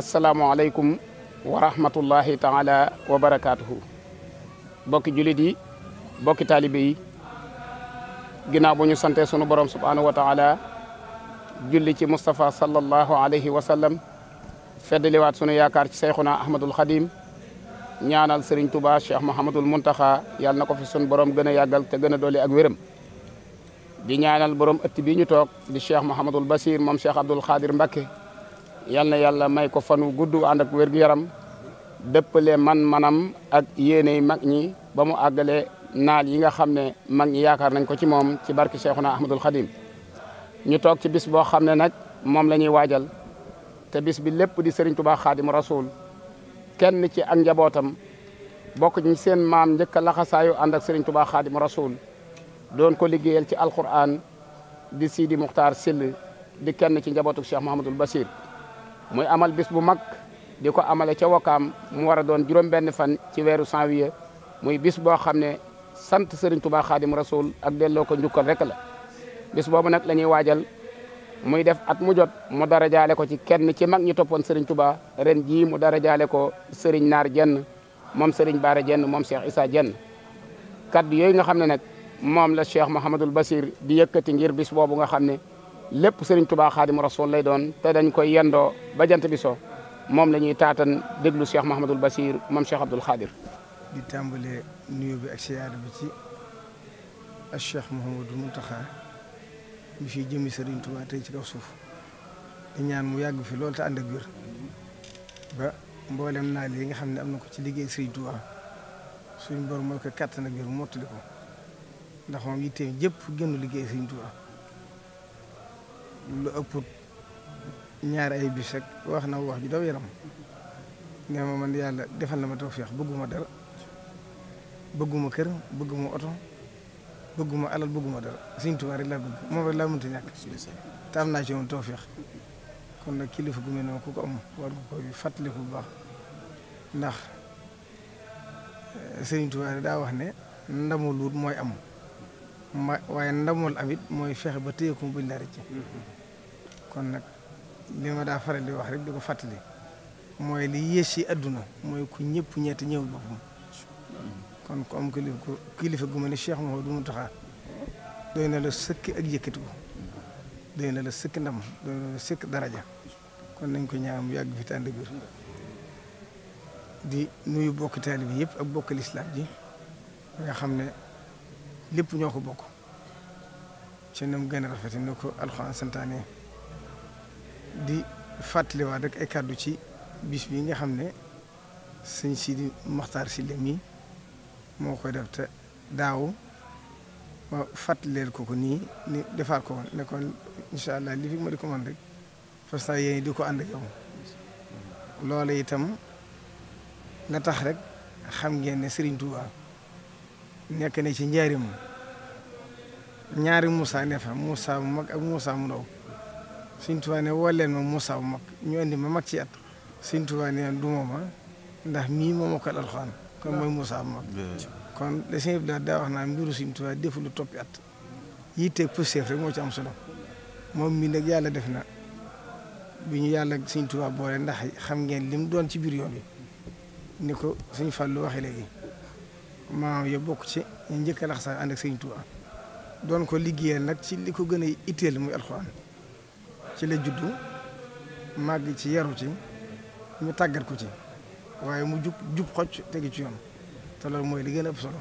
asalaamualeykum wa rahmatullahi taala wa barakaatuhu bokki jullit yi bokki taalibe yi ginnaaw bu ñu sante sunu borom subhaanahu wa taala julli ci Moustapha sallallahu alayhi wa sallam feddaliwaat sunu yaakaar ci seyxuna Ahmadul Xadim ñaanal Serigne Touba Cheikh Mouhamadul Muntaxa yàlla na ko fi sunu borom gën a yàggal te gën a doole ak wéram di ñaanal borom ëtt bi ñu toog di Cheikh Mouhamadul Basir moom Cheikh Abdoul Xadir Mbakke yal na yàlla may ko fanu gudd ànd ak wér-gu-yaram dëppale man-manam ak yéeney mag ñi ba mu àggale naal yi nga xam ne mag ñi yaakaar nañ ko ci moom ci barki Cheikhuna Ahmadul Khadim ñu toog ci bis boo xam ne nag moom la ñuy waajal te bis bi lépp di Serigne Touba Khadim Rasoul kenn ci ak njabootam bokk ci seen maam njëkk a laxasaayu ànd ak Serigne Touba Khadim Rasoul doon ko liggéeyal ci alquran di Sidi Muxtaar Sill di kenn ci njabootu Cheikh Mahamadul Basir muy amal bis bu mag di ko amale ca Wakaam mu war a doon juróom-benn fan ci weeru janvier muy bis boo xam ne sant Serigne Touba Khadim Rasoul ak delloo ko njukkal rek la. bis boobu nag lañuy waajal muy def at mu jot mu dara jaale ko ci kenn ci mag ñi toppoon Serigne Touba ren jii mu dara jaale ko Serigne Naar Jenn moom Serigne Baara Jenn moom Cheikh Issa Jenn kaddu yooyu nga xam ne nag moom la Cheikh Mouhamadul Basir di yëkkati ngir bis boobu nga xam ne. lépp sëriñ tubaa xaadimu rasul lay doon te dañ koy yendoo bajant bi so moom la ñuy taatan déglu cheikh mahamadul basir moom cheikh abdul xaadir di tàmbale nuyoo bi ak siyaada bi ci ak cheikh mahamadul muntaxa mi fi jëmi sëriñ tubaa tey ci kaw suuf di ñaan mu yàgg fi loolu te ànd ak wér ba mboolem naa li nga xam ne am na ko ci liggéey sëriñ tubaa suñ borom mooy ko kàttan ak wér mottali ko ndax moom yitteem liggéey sëriñ tubaa lu ëpp ñaar ay bis wax na wax ju daw yaram ne ma man yàlla defal na ma tawfeex bëgguma dara bëgguma kër bëgguma oto bëgguma alal bëgguma dara Sëriñ Tuubaa rek laa bëgg moom rek laa mënta ñàkk te am naa ci woon tawfeex kon nag kilifa gu mel ne ku ko am war nga koy fàttaliku bu baax ndax eh, Sëriñ Tuubaa daa wax ne ndamul luut mooy am ma waaye ndamul amit mooy fexe ba téye ko mu bañ laa rëcc kon nag li ma daa faral di wax rek di ko fàttali mooy li yées yi àdduna mooy ku ñëpp ñetti ñëw boppam kon ku am kilifa kilifa gu ma ne Cheikh Mouhamadou Mountakha doy na la sëkk ak yëkkati ko doy na la sëkk ndam doy na la sëkk daraja kon nañ ko ñaan mu yàgg fi tànd biir di nuyu bokk taalibe bi yëpp ak bokk lislaam ji nga xam ne lépp ñoo ko bokk ci nam gën a rafet na ko alxuraan santaane di fàttaliwaat rek ay kàddu ci bis bi nga xam ne sëñ Sidi Maxtaar Sylla mi moo koy def te daaw ma fàttaleel ko ko nii ni defaat ko woon ne kon allah li fi ma di ko mën rek fas naa di ko ànd yow loola itam la tax rek xam ngeen ne Serigne Touba nekk na ci njaarim ñaari Moussa ne fa mu mag ak Moussa mu ndaw. Sëñ Tuubaa ne woo leen ma Moussa bu mag ñu andi ma mag ci at Sëñ Tuubaa ne duma ma ndax mii moo mokkal alxuraan kon mooy Moussa mag kon le sëñ Ibrahima naa mbiru Sëñ Tuubaa toppi at yitte pëseef moo ci am solo mii nag yàlla def na bi ñu yàlla Sëñ Tuubaa boole ndax xam ngeen lim doon ci biir yoon wi ni ko Sëñ Fallou waxee léegi maam ya bokk ci ñu njëkk a lax sax ànd ak Sëñ Tuubaa doon ko liggéeyal nag ci li ko gën a itteel muy alxuraan ci la juddu màgg ci yaru ci ñu tàggat ko ci waaye mu jub jub xocc tegi ci yoon te loolu mooy li gën a ëpp solo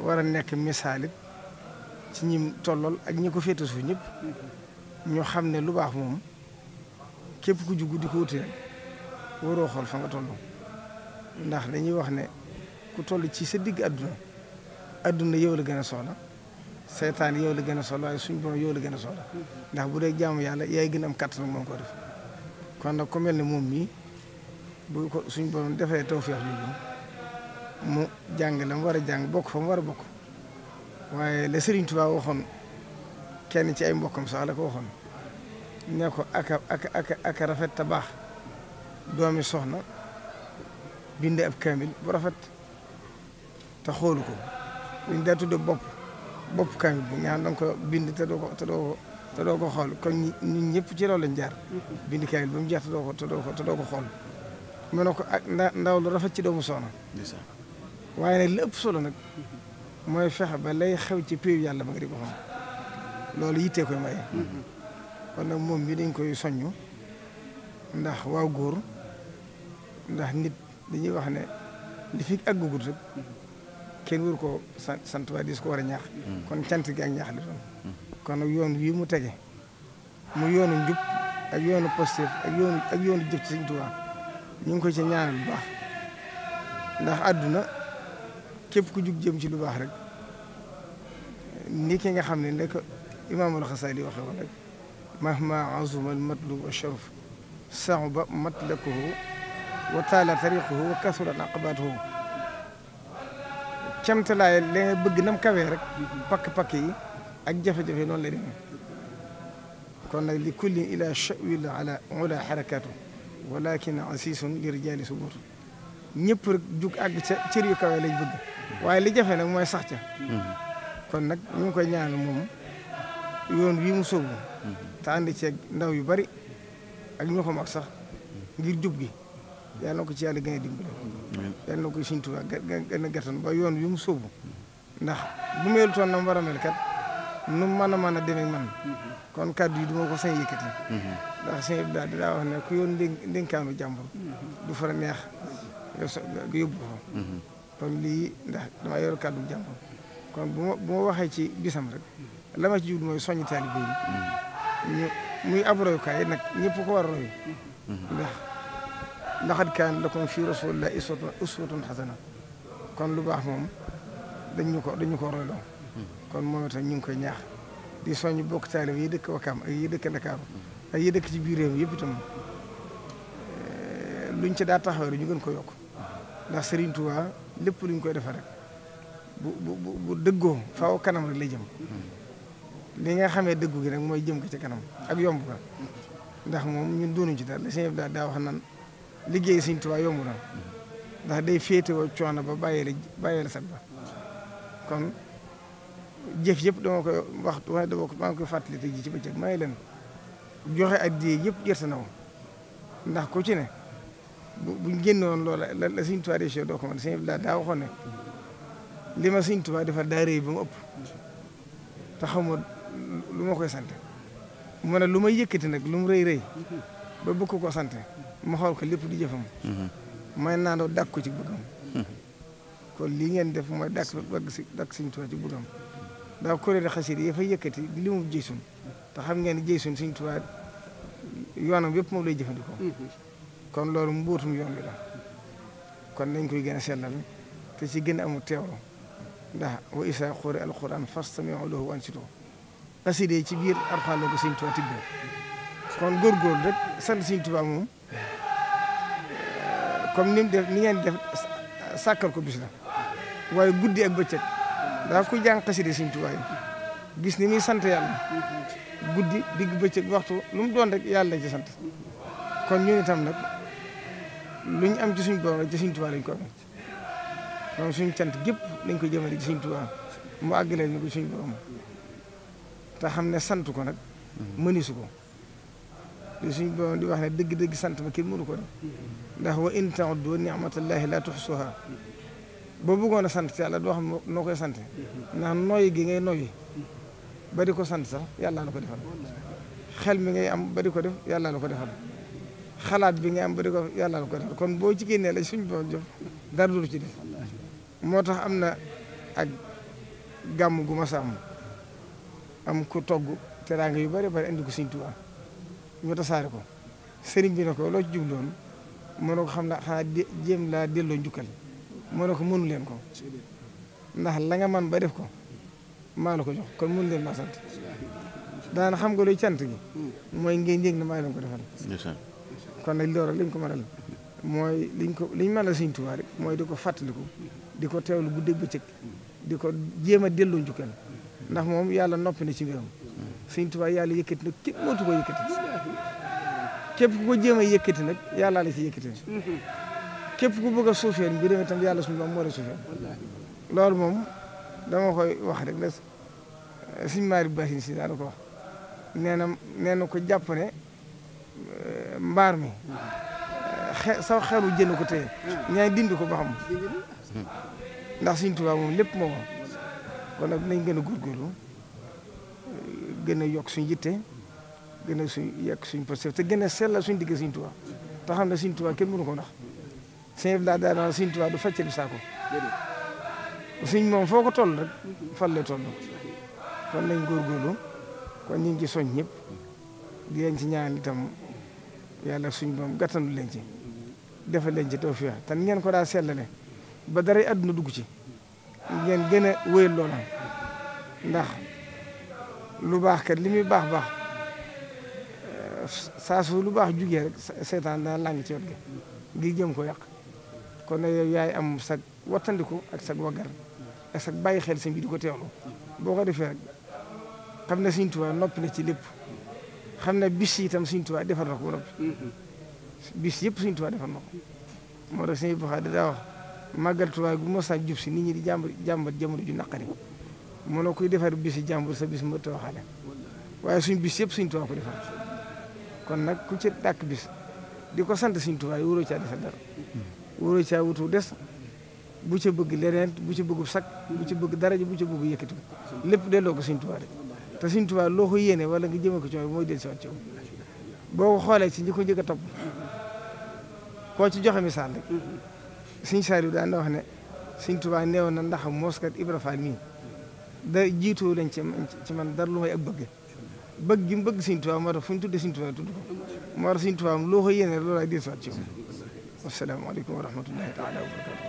war a nekk misaalit ci ñi tollool ak ñi ko féete suuf ñëpp ñoo xam ne lu baax moom képp ku jugg di ko wuti waroo xool fa nga toll ndax dañuy wax ne ku toll ci sa digg adduna adduna yow la gën a soxla seetaan yow la gën a sol waaye suñu borom yow la gën a sol ndax bu dee jaamu yàlla yaay gën a am kàttan moom koo def kon nag ku ne moom mii bu ko suñu borom defee tawfeex bi mu jàng la mu war a jàng bokk fa mu war a bokk waaye la sëriñ Touba waxoon kenn ci ay mbokkam sax la ko waxoon ne ko aka aka aka aka rafet te baax doomi soxna bind ab kaamil bu rafet te xoolu ko buñ daa tudde bopp bopp kaamil bi nga xam da bind te doo ko ko xool kon ñun ñëpp ci loolu lañ jaar. bind kaamil ba mu jaar ko te doo ko xool. mu ne ko ak ah, ndaw lu ci doomu soxna. waaye nag li solo nag mooy fexe ba lay xew ci péew yàlla ba nga di ko xam loolu moom bi dañ koy soññu ndax waa góor nit dañuy wax ne li fi àggagut rek. kenn waru koo sant waaye dis ko war a ñaax mm. kon cant gi ak ñaax li mm. kon nag yoon wii mu tege mu yoonu njub ak yoonu positif ak yoonu ak yoonu jëf ci Sëñ Tuubaa ñu ngi ko ci ñaanal lu baax ndax àdduna képp ku jug jëm ci lu baax rek ni ki nga xam ne nag imaamul Xasaali waxe woon rek mahma azuma al matlub wa sharaf saxu ba matlakuhu wa taala tariquhu wa kasura aqabaatuhu kemtalaay li nga bëgg nam kawee rek pakk-pakk yi ak jafe-jafe noonu lay demee kon nag li kullin ila chawil ala ula xarakatu walakin asisun li rijaali subur ñëpp rek jug àgg ca yu kawee lañ bëgg waaye li jafe nag mooy sax ca kon nag ñu ngi koy ñaanal moom yoon wii mu sóobu te ànd ceeg ndaw yu bari ak ñoo xam ak sax ngir jub gi yal na ko ci yàlla gën a dimbali. yal na ko Sëriñ Tuubaa gën ba yoon wi mu sóobu. ndax bu melu toon na mu war a mel kat nu mu mën a mën a demee man kon kàddu yi du ko sañ yëkkati. ndax sëñ bi daal dinaa wax ne ku yoon ndénkaanu jàmbur. du fa neex nga yóbbu ko kon lii ndax dama yor kàddu jàmbur kon bu ma waxee ci bisam rek la ma ci jublu mooy soññ taalibe yi. Mm-hmm. ñu muy ab royukaay nag ñëpp ko war roy. Mm-hmm. ndax. laqad kaana lakum fi rasulillahi uswatun xasana kon lu baax moom ñu ko dañu ko royloo kon moom itam ñu ngi koy ñaax di soññ bokk taalib yi dëkk Wakaam ak yi dëkk Ndakaaru ak yi ci biir réew yëpp itam luñ ci daa taxawee rek ñu gën ko yokk ndax lépp luñ koy defee rek bu kanam rek lay jëm li nga xamee dëggu gi rek mooy jëm ko ci kanam ak yomb ko ndax moom ñun doonuñ ci daal la sëñ bi daal daa wax nan liggéey Sëñ Tuubaa yomb na ndax day féetewoo coono ba bàyyi la bàyyi la sat kon jëf yëpp dama ko wax waaye dama ko maa ngi koy fàttali tey jii ci bëccëg leen joxe addiya yëpp jërta na ndax ku ci ne bu buñ génnoon loola la la de Tuubaa doo ko mën Sëñ daa waxoon ne ma Sëñ Tuubaa dafa daa rëy ba mu ëpp lu ma koy sant mu lu may yëkkati nag lu mu rëy rëy ba bëgg ko sant mu xool ko lépp di jëfam may naandoo dàkk ko ci bëggam kon lii ngeen def mooy dàkk dàkk si dàkk Sëñ Tuubaa ci bëggam daa kuréel xasida yi dafay yëkkati di li mu jëysun te xam ngeen jëysun Sëñ Tuubaa yoonam yëpp moom lay jëfandikoo kon loolu mbootum yoon bi la kon dañ koy gën a sellal te ci gën a amul teewlu ndax wa isa xuri alquran fastamiu lahu wa ansitu xasida yi ci biir Alxuraan la ko Sëñ Tuubaa tibbee kon góor rek sant Sëriñ Tuubaa moom comme ni mu def ni ngeen def sàkkal ko bis la waaye guddi ak bëccëg daa ko jàng xasida Sëriñ Tuubaa gis ni muy sant yàlla guddi digg bëccëg waxtu lu mu doon rek yàlla lañ sant kon ñu tam nag lu ñu am ci suñ borom rek ci Sëriñ ko amee kon suñu cant gépp dañ ko jëmale ci mu àggalee ñu ko xam ne sant ko nag mënisu ko. li suñ borom di wax ne dëgg-dëgg sant ma kenn mënu ko def ndax wa in ta'uddu ni'matallahi la tuhsuha boo boobu a sant yàlla doo xam noo koy sant ndax nooy gi ngay noyyi ba ko sant sax yàlla la ko defal xel mi ngay am ba ko def yàlla la ko defa xalaat bi ngay am ba di ko yàlla ko defal kon boo ci génnee la suñ borom jox dara du ci def moo tax am na ak gàmm gu sa am am ku togg teraanga yu bari bari indi ko Sëñ Tuubaa ñu tasaare ko sëriñ bi ne ko loo ci jubloon mu ko xam naa xanaa jéem laa delloo njukkal mu ko mënu leen ko ndax la man ba def ko maa la ko jox kon mënu leen maa sant daana xam nga luy cant gi mooy ngeen yëg na maa leen ko defal kon nag loolu liñ ko mënal mooy liñ ko liñ mënal Sëriñ Tuubaa mooy di ko fàttaliku di ko teewlu guddeeg bëccëg di ko jéem a delloo njukkal ndax moom yàlla noppi na ci mbiram Sëriñ Tuubaa yàlla yëkkati na képp mootu ko yëkkati képp ku ko jéem a yëkkati nag yàlla si ci yëkkati képp ku bëgg a suufeel mbir mi tam yàlla suñu moom moo a suufeel loolu moom dama koy wax rek ne suñu maari basin si daana ko wax nee na nee na ko jàpp ne eh, mbaar mi xe saw xeru jënd ko téye ñaay dindi ko ba xam ndax suñu tubaab moom lépp moo kon nag nañ gën a góorgóorlu gën a yokk suñu yitte gën a suñ yàq suñ positif te gën a sellal suñ digg suñ Tuubaa te xam ne suñ Tuubaa kenn mënu ko ndax sëñ bi daal daa naan suñ Tuubaa du fàccali saako suñ moom foo ko toll rek fan lay toll fan lañ góorgóorlu kon ñu ngi ci ñëpp di leen ci ñaan itam yàlla suñ moom gàttandu leen ci defal leen ci tawfiix ngeen ko daa sellale ba dara àdduna dugg ci ngeen gën a wéyal loola ndax lu baax kat li muy baax baax saa su lu baax jugee rek seetaan dana làng ci wet gi jëm ko yàq kon nag yaay am sag wattandiku ak sag waggar ak sag bàyyi xel sëñ bi di ko teewlu boo ko defee rek xam ne Sëñ noppi na ci lépp xam ne bis itam Sëñ Tuubaa defar bis yëpp Sëñ Tuubaa defar na moo tax sëñ Ibra da daa wax bu ma saa jub si nit ñi di jàmbat jàmbat jamono ju naqari mënoo koy defar bisi jàmbur sa bis ma tooxale waaye suñ bis yëpp Sëñ Tuubaa ko defar kon nag ku ci dàkk bis di ko sant Sëriñ Tuubaa wóoroo caa defal dara wóoroo caa wutu des bu ca bëgg leneen bu ci bëgg sak bu ci bëgg daraja bu ci bëgg yëkkati lépp delloo ko Sëriñ Tuubaa loo ko yéene wala nga jëme ko ci mooy del si waat boo ko xoolee si ñi ko njëkk a topp koo ci joxe misaal rek Sëriñ Saaliw daan na wax ne Sëriñ Tuubaa neewoon na ndax mooskat Ibra Faal mii da jiitoo lañ ci man dara lu a ak bëgg bëgg gi mu bëgg Sëñ Tuubaa moo tax fu ñu tuddee Sëñ Tuubaa tudd ko moo loo ko yéene loolaay deesaat ci moom wasalaamaaleykum wa rahmatullahi taala